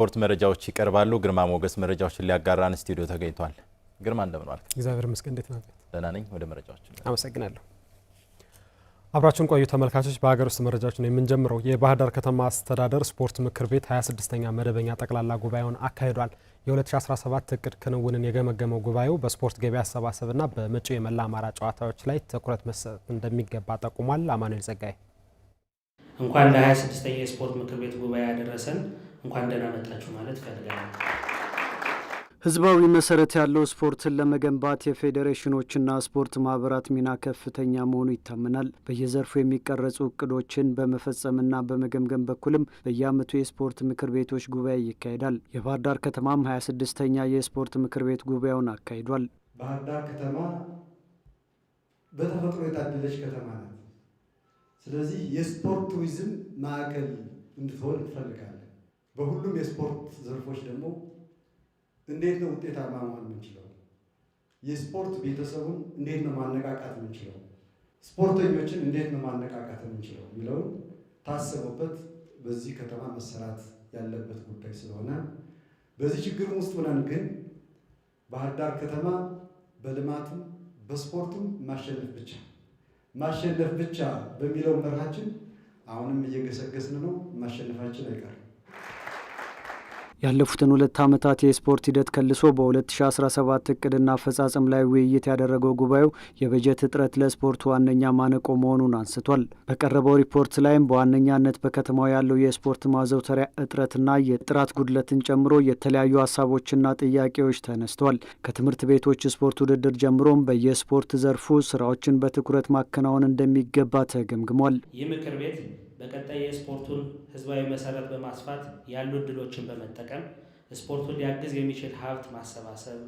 ስፖርት መረጃዎች ይቀርባሉ። ግርማ ሞገስ መረጃዎችን ሊያጋራን ስቱዲዮ ተገኝቷል። ግርማ እንደምን ዋልክ? እግዚአብሔር ይመስገን። እንዴት ናችሁ? ደህና ነኝ። ወደ መረጃዎች አመሰግናለሁ። አብራችሁን ቆዩ ተመልካቾች። በሀገር ውስጥ መረጃዎች ነው የምንጀምረው። የባህር ዳር ከተማ አስተዳደር ስፖርት ምክር ቤት 26ኛ መደበኛ ጠቅላላ ጉባኤውን አካሂዷል። የ2017 እቅድ ክንውንን የገመገመው ጉባኤው በስፖርት ገቢ አሰባሰብና በመጪው የመላ አማራ ጨዋታዎች ላይ ትኩረት መሰጠት እንደሚገባ ጠቁሟል። አማኑኤል ጸጋይ እንኳን ለ26ኛ የስፖርት ምክር ቤት ጉባኤ ያደረሰን እንኳን ደህና መጣችሁ ማለት ፈልጋለሁ። ህዝባዊ መሰረት ያለው ስፖርትን ለመገንባት የፌዴሬሽኖችና ስፖርት ማህበራት ሚና ከፍተኛ መሆኑ ይታመናል። በየዘርፉ የሚቀረጹ እቅዶችን በመፈጸምና በመገምገም በኩልም በየአመቱ የስፖርት ምክር ቤቶች ጉባኤ ይካሄዳል። የባህር ዳር ከተማም ሀያ ስድስተኛ የስፖርት ምክር ቤት ጉባኤውን አካሂዷል። ባህር ዳር ከተማ በተፈጥሮ የታደለች ከተማ ናት። ስለዚህ የስፖርት ቱሪዝም ማዕከል እንድትሆን እንፈልጋለን። በሁሉም የስፖርት ዘርፎች ደግሞ እንዴት ነው ውጤታማ መሆን የምንችለው? የስፖርት ቤተሰቡን እንዴት ነው ማነቃቃት የምንችለው? ስፖርተኞችን እንዴት ነው ማነቃቃት የምንችለው የሚለውን ታሰቡበት። በዚህ ከተማ መሰራት ያለበት ጉዳይ ስለሆነ በዚህ ችግር ውስጥ ሆነን ግን ባህር ዳር ከተማ በልማትም በስፖርቱም ማሸነፍ ብቻ ማሸነፍ ብቻ በሚለው መርሃችን አሁንም እየገሰገስን ነው። ማሸነፋችን አይቀርም። ያለፉትን ሁለት ዓመታት የስፖርት ሂደት ከልሶ በ2017 እቅድና አፈጻጸም ላይ ውይይት ያደረገው ጉባኤው የበጀት እጥረት ለስፖርቱ ዋነኛ ማነቆ መሆኑን አንስቷል። በቀረበው ሪፖርት ላይም በዋነኛነት በከተማው ያለው የስፖርት ማዘውተሪያ እጥረትና የጥራት ጉድለትን ጨምሮ የተለያዩ ሀሳቦችና ጥያቄዎች ተነስተዋል። ከትምህርት ቤቶች ስፖርት ውድድር ጀምሮም በየስፖርት ዘርፉ ስራዎችን በትኩረት ማከናወን እንደሚገባ ተገምግሟል። ይህ ምክር ቤት በቀጣይ የስፖርቱን ህዝባዊ መሰረት በማስፋት ያሉ እድሎችን በመጠቀም ስፖርቱን ሊያግዝ የሚችል ሀብት ማሰባሰብ፣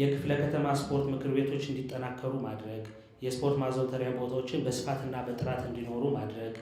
የክፍለ ከተማ ስፖርት ምክር ቤቶች እንዲጠናከሩ ማድረግ፣ የስፖርት ማዘውተሪያ ቦታዎችን በስፋትና በጥራት እንዲኖሩ ማድረግ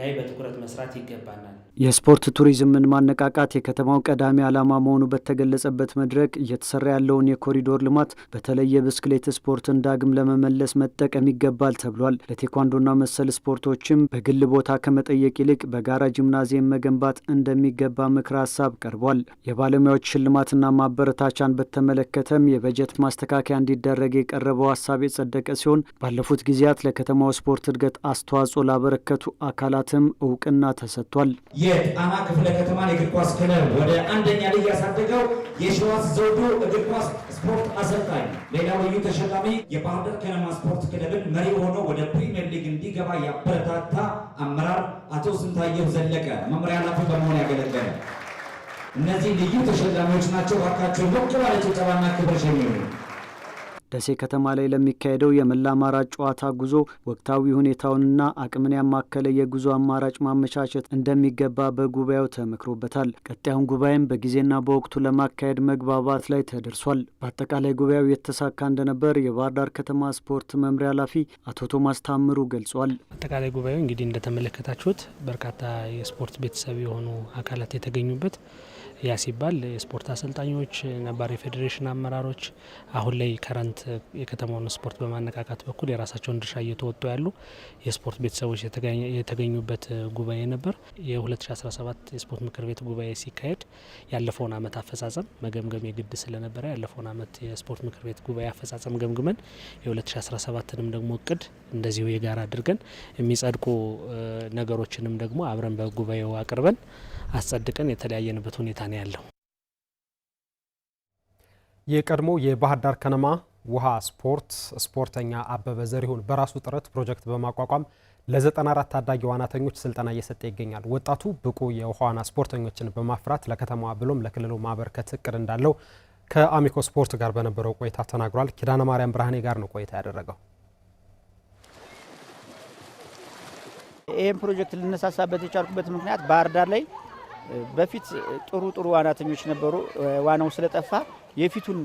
ላይ በትኩረት መስራት ይገባናል። የስፖርት ቱሪዝምን ማነቃቃት የከተማው ቀዳሚ ዓላማ መሆኑ በተገለጸበት መድረክ እየተሰራ ያለውን የኮሪዶር ልማት በተለይ የብስክሌት ስፖርትን ዳግም ለመመለስ መጠቀም ይገባል ተብሏል። ለቴኳንዶና መሰል ስፖርቶችም በግል ቦታ ከመጠየቅ ይልቅ በጋራ ጂምናዚየም መገንባት እንደሚገባ ምክረ ሀሳብ ቀርቧል። የባለሙያዎች ሽልማትና ማበረታቻን በተመለከተም የበጀት ማስተካከያ እንዲደረግ የቀረበው ሀሳብ የጸደቀ ሲሆን ባለፉት ጊዜያት ለከተማው ስፖርት እድገት አስተዋጽኦ ላበረከቱ አካላት ተቋማትም እውቅና ተሰጥቷል። የጣና ክፍለ ከተማን እግር ኳስ ክለብ ወደ አንደኛ ላይ ያሳደገው የሸዋስ ዘውዱ እግር ኳስ ስፖርት አሰልጣኝ ሌላው ልዩ ተሸላሚ የባህር ዳር ከነማ ስፖርት ክለብን መሪ ሆኖ ወደ ፕሪሚየር ሊግ እንዲገባ ያበረታታ አመራር አቶ ስንታየሁ ዘለቀ መምሪያ ኃላፊ በመሆን ያገለገለ እነዚህ ልዩ ተሸላሚዎች ናቸው። ባካቸው ሞቅ ባለ ጭብጨባና ክብር ሸኙ። ደሴ ከተማ ላይ ለሚካሄደው የመላ አማራጭ ጨዋታ ጉዞ ወቅታዊ ሁኔታውንና አቅምን ያማከለ የጉዞ አማራጭ ማመቻቸት እንደሚገባ በጉባኤው ተመክሮበታል። ቀጣዩን ጉባኤም በጊዜና በወቅቱ ለማካሄድ መግባባት ላይ ተደርሷል። በአጠቃላይ ጉባኤው የተሳካ እንደነበር የባህር ዳር ከተማ ስፖርት መምሪያ ኃላፊ አቶ ቶማስ ታምሩ ገልጿል። አጠቃላይ ጉባኤው እንግዲህ እንደተመለከታችሁት በርካታ የስፖርት ቤተሰብ የሆኑ አካላት የተገኙበት ያ ሲባል የስፖርት አሰልጣኞች፣ ነባር የፌዴሬሽን አመራሮች አሁን ላይ ከረንት የከተማውን ስፖርት በማነቃቃት በኩል የራሳቸውን ድርሻ እየተወጡ ያሉ የስፖርት ቤተሰቦች የተገኙበት ጉባኤ ነበር። የ2017 የስፖርት ምክር ቤት ጉባኤ ሲካሄድ ያለፈውን ዓመት አፈጻጸም መገምገም የግድ ስለነበረ ያለፈውን ዓመት የስፖርት ምክር ቤት ጉባኤ አፈጻጸም ገምግመን የ2017ንም ደግሞ እቅድ እንደዚሁ የጋራ አድርገን የሚጸድቁ ነገሮችንም ደግሞ አብረን በጉባኤው አቅርበን አስጸድቀን የተለያየንበት ሁኔታ ነው ያለው። የቀድሞ የባህር ዳር ከነማ ውሃ ስፖርት ስፖርተኛ አበበ ዘሪሁን በራሱ ጥረት ፕሮጀክት በማቋቋም ለ94 ታዳጊ ዋናተኞች ስልጠና እየሰጠ ይገኛል። ወጣቱ ብቁ የውሃ ዋና ስፖርተኞችን በማፍራት ለከተማዋ ብሎም ለክልሉ ማበርከት እቅድ እንዳለው ከአሚኮ ስፖርት ጋር በነበረው ቆይታ ተናግሯል። ኪዳነ ማርያም ብርሃኔ ጋር ነው ቆይታ ያደረገው። ይህም ፕሮጀክት ልነሳሳበት የቻልኩበት ምክንያት ባህር ዳር ላይ በፊት ጥሩ ጥሩ ዋናተኞች ነበሩ። ዋናው ስለጠፋ የፊቱን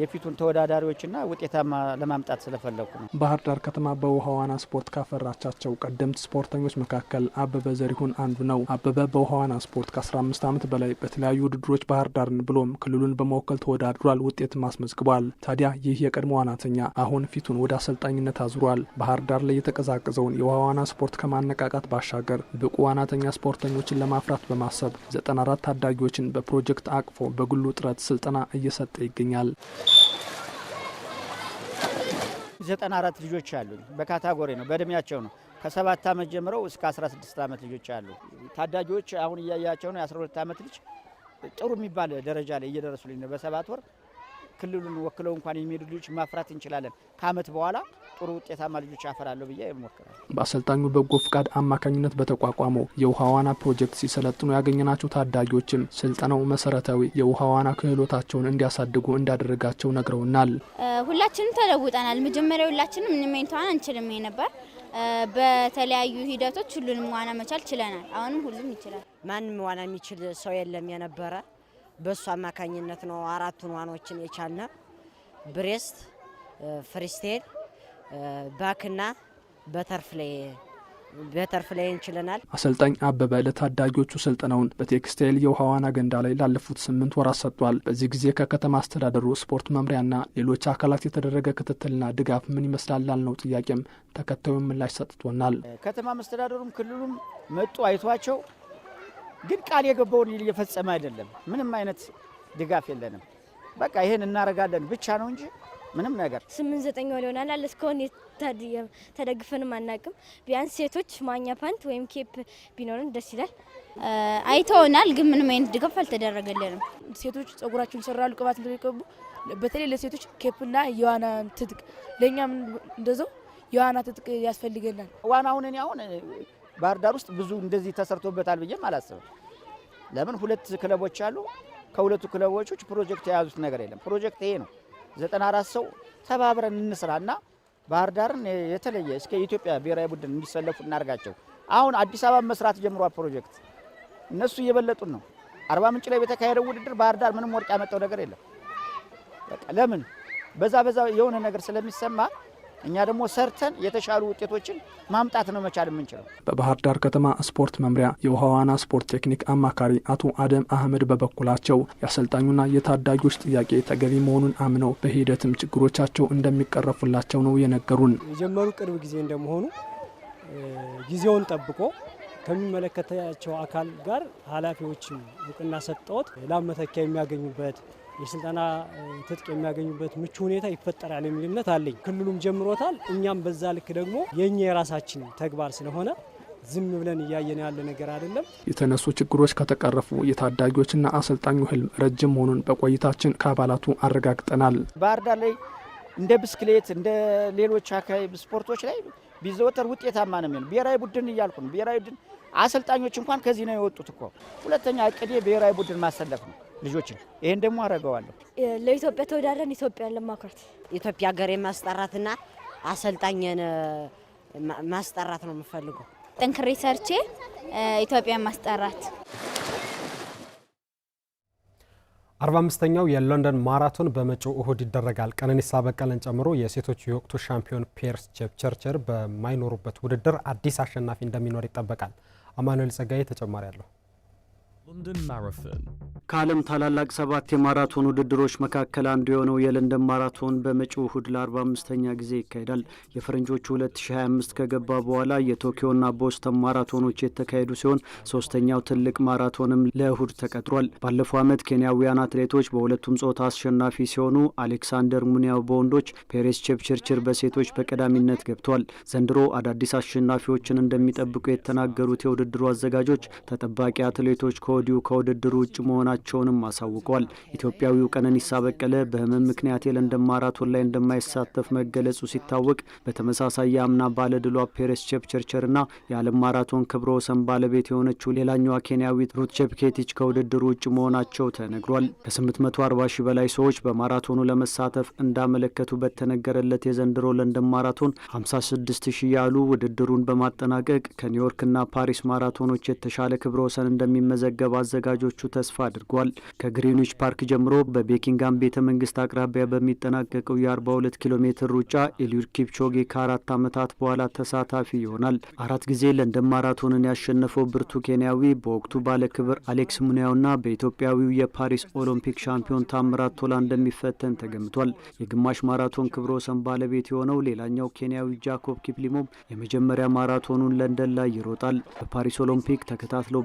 የፊቱን ተወዳዳሪዎችና ውጤታማ ለማምጣት ስለፈለኩ ነው። ባህር ዳር ከተማ በውሃ ዋና ስፖርት ካፈራቻቸው ቀደምት ስፖርተኞች መካከል አበበ ዘሪሁን አንዱ ነው። አበበ በውሃ ዋና ስፖርት ከ15 ዓመት በላይ በተለያዩ ውድድሮች ባህር ዳርን ብሎም ክልሉን በመወከል ተወዳድሯል፣ ውጤትም አስመዝግቧል። ታዲያ ይህ የቀድሞ ዋናተኛ አሁን ፊቱን ወደ አሰልጣኝነት አዙሯል። ባህር ዳር ላይ የተቀዛቀዘውን የውሃ ዋና ስፖርት ከማነቃቃት ባሻገር ብቁ ዋናተኛ ስፖርተኞችን ለማፍራት በማሰብ 94 ታዳጊዎችን በፕሮጀክት አቅፎ በግሉ ጥረት ስልጠና እየሰጠ ይገኛል። ይገኛል። ዘጠና አራት ልጆች አሉ። በካታጎሪ ነው፣ በእድሜያቸው ነው። ከሰባት ዓመት ጀምረው እስከ 16 ዓመት ልጆች አሉ። ታዳጊዎች አሁን እያያቸው ነው። የ12 ዓመት ልጅ ጥሩ የሚባል ደረጃ ላይ እየደረሱልኝ ነው። በሰባት ወር ክልሉን ወክለው እንኳን የሚሄዱ ልጆች ማፍራት እንችላለን። ከዓመት በኋላ ጥሩ ውጤታማ ልጆች አፈራለሁ ብዬ ይሞክራል። በአሰልጣኙ በጎ ፍቃድ አማካኝነት በተቋቋመው የውሃ ዋና ፕሮጀክት ሲሰለጥኑ ያገኘናቸው ታዳጊዎችም ስልጠናው መሰረታዊ የውሃ ዋና ክህሎታቸውን እንዲያሳድጉ እንዳደረጋቸው ነግረውናል። ሁላችንም ተለውጠናል። መጀመሪያ ሁላችንም ምንም አንችልም ነበር። በተለያዩ ሂደቶች ሁሉንም ዋና መቻል ችለናል። አሁንም ሁሉም ይችላል። ማንም ዋና የሚችል ሰው የለም የነበረ በእሱ አማካኝነት ነው አራቱን ዋናዎችን የቻልነ ብሬስት፣ ፍሪስቴል፣ ባክና በተርፍ ላይ በተርፍ ላይ እንችለናል። አሰልጣኝ አበበ ለታዳጊዎቹ ስልጠናውን በቴክስታይል የውሃ ዋና ገንዳ ላይ ላለፉት ስምንት ወራት ሰጥቷል። በዚህ ጊዜ ከከተማ አስተዳደሩ ስፖርት መምሪያና ሌሎች አካላት የተደረገ ክትትልና ድጋፍ ምን ይመስላል ላልነው ጥያቄም ተከታዩን ምላሽ ሰጥቶናል። ከተማ መስተዳደሩም ክልሉም መጡ አይቷቸው ግን ቃል የገባውን እየፈጸመ አይደለም። ምንም አይነት ድጋፍ የለንም። በቃ ይሄን እናደርጋለን ብቻ ነው እንጂ ምንም ነገር ስምንት ዘጠኝ ወር ይሆናል እስካሁን ተደግፈንም አናቅም። ቢያንስ ሴቶች ማኛ ፓንት ወይም ኬፕ ቢኖርን ደስ ይላል። አይተውናል፣ ግን ምንም አይነት ድጋፍ አልተደረገልንም። ሴቶች ጸጉራቸውን ይሰራሉ፣ ቅባት እንደሚቀቡ በተለይ ለሴቶች ኬፕና የዋና ትጥቅ፣ ለእኛም እንደዛው የዋና ትጥቅ ያስፈልገናል። ዋናውን እኔ አሁን ባህር ዳር ውስጥ ብዙ እንደዚህ ተሰርቶበታል ብዬም አላስብም። ለምን ሁለት ክለቦች አሉ። ከሁለቱ ክለቦች ፕሮጀክት የያዙት ነገር የለም። ፕሮጀክት ይሄ ነው። ዘጠና አራት ሰው ተባብረን እንስራ እና ባህር ዳርን የተለየ እስከ ኢትዮጵያ ብሔራዊ ቡድን እንዲሰለፉ እናርጋቸው። አሁን አዲስ አበባ መስራት ጀምሯል ፕሮጀክት። እነሱ እየበለጡን ነው። አርባ ምንጭ ላይ በተካሄደው ውድድር ባህር ዳር ምንም ወርቅ ያመጣው ነገር የለም። ለምን በዛ በዛ የሆነ ነገር ስለሚሰማ እኛ ደግሞ ሰርተን የተሻሉ ውጤቶችን ማምጣት ነው መቻል የምንችለው። በባህር ዳር ከተማ ስፖርት መምሪያ የውሃ ዋና ስፖርት ቴክኒክ አማካሪ አቶ አደም አህመድ በበኩላቸው የአሰልጣኙና የታዳጊዎች ጥያቄ ተገቢ መሆኑን አምነው በሂደትም ችግሮቻቸው እንደሚቀረፉላቸው ነው የነገሩን። የጀመሩ ቅርብ ጊዜ እንደመሆኑ ጊዜውን ጠብቆ ከሚመለከታቸው አካል ጋር ኃላፊዎችም እውቅና ሰጠት ላብ መተኪያ የሚያገኙበት የስልጠና ትጥቅ የሚያገኙበት ምቹ ሁኔታ ይፈጠራል የሚል እምነት አለኝ። ክልሉም ጀምሮታል። እኛም በዛ ልክ ደግሞ የእኛ የራሳችን ተግባር ስለሆነ ዝም ብለን እያየን ያለ ነገር አይደለም። የተነሱ ችግሮች ከተቀረፉ የታዳጊዎችና አሰልጣኙ ህልም ረጅም መሆኑን በቆይታችን ከአባላቱ አረጋግጠናል። ባህር ዳር ላይ እንደ ብስክሌት እንደ ሌሎች አካባቢ ስፖርቶች ላይ ቢዘወተር ውጤታማ ነው የሚሆን። ብሔራዊ ቡድን እያልኩ ነው። ብሔራዊ ቡድን አሰልጣኞች እንኳን ከዚህ ነው የወጡት እኮ። ሁለተኛ እቅዴ ብሔራዊ ቡድን ማሰለፍ ነው ልጆችን። ይህን ደግሞ አረገዋለሁ። ለኢትዮጵያ ተወዳድረን ኢትዮጵያን ለማኩራት ኢትዮጵያ ሀገር የማስጠራትና አሰልጣኝን ማስጠራት ነው የምፈልገው። ጠንክሬ ሰርቼ ኢትዮጵያን ማስጠራት 45 የሎንደን ማራቶን በመጪው እሁድ ይደረጋል። ቀነኒሳ በቀለን ጨምሮ የሴቶች የወቅቱ ሻምፒዮን ፔርስ ቼፕቸርቸር በማይኖሩበት ውድድር አዲስ አሸናፊ እንደሚኖር ይጠበቃል። አማኑኤል ጸጋዬ ተጨማሪ አለሁ። ከዓለም ታላላቅ ሰባት የማራቶን ውድድሮች መካከል አንዱ የሆነው የለንደን ማራቶን በመጪው እሁድ ለ45ኛ ጊዜ ይካሄዳል። የፈረንጆቹ 2025 ከገባ በኋላ የቶኪዮና ቦስተን ማራቶኖች የተካሄዱ ሲሆን ሶስተኛው ትልቅ ማራቶንም ለእሁድ ተቀጥሯል። ባለፈው ዓመት ኬንያውያን አትሌቶች በሁለቱም ጾታ አሸናፊ ሲሆኑ አሌክሳንደር ሙኒያው በወንዶች፣ ፔሬስ ቼፕችርችር በሴቶች በቀዳሚነት ገብተዋል። ዘንድሮ አዳዲስ አሸናፊዎችን እንደሚጠብቁ የተናገሩት የውድድሩ አዘጋጆች ተጠባቂ አትሌቶች ከሆ ከወዲሁ ከውድድሩ ውጭ መሆናቸውንም አሳውቋል። ኢትዮጵያዊው ቀነኒሳ በቀለ በህመም ምክንያት የለንደን ማራቶን ላይ እንደማይሳተፍ መገለጹ ሲታወቅ በተመሳሳይ የአምና ባለድሏ ፔሬስ ቼፕቸርቸርና የዓለም ማራቶን ክብረ ወሰን ባለቤት የሆነችው ሌላኛዋ ኬንያዊት ሩት ቼፕኬቲች ከውድድሩ ውጭ መሆናቸው ተነግሯል። ከ840 ሺህ በላይ ሰዎች በማራቶኑ ለመሳተፍ እንዳመለከቱ በተነገረለት የዘንድሮ ለንደን ማራቶን 56 ሺህ ያሉ ውድድሩን በማጠናቀቅ ከኒውዮርክና ፓሪስ ማራቶኖች የተሻለ ክብረ ወሰን እንደሚመዘገብ እንዲገባ አዘጋጆቹ ተስፋ አድርጓል። ከግሪኒች ፓርክ ጀምሮ በቤኪንጋም ቤተ መንግስት አቅራቢያ በሚጠናቀቀው የ42 ኪሎ ሜትር ሩጫ ኤልዩድ ኪፕቾጌ ከአራት ዓመታት በኋላ ተሳታፊ ይሆናል። አራት ጊዜ ለንደን ማራቶንን ያሸነፈው ብርቱ ኬንያዊ በወቅቱ ባለክብር አሌክስ ሙኒያውና በኢትዮጵያዊው የፓሪስ ኦሎምፒክ ሻምፒዮን ታምራት ቶላ እንደሚፈተን ተገምቷል። የግማሽ ማራቶን ክብረ ወሰን ባለቤት የሆነው ሌላኛው ኬንያዊ ጃኮብ ኪፕሊሞም የመጀመሪያ ማራቶኑን ለንደን ላይ ይሮጣል። በፓሪስ ኦሎምፒክ ተከታትለው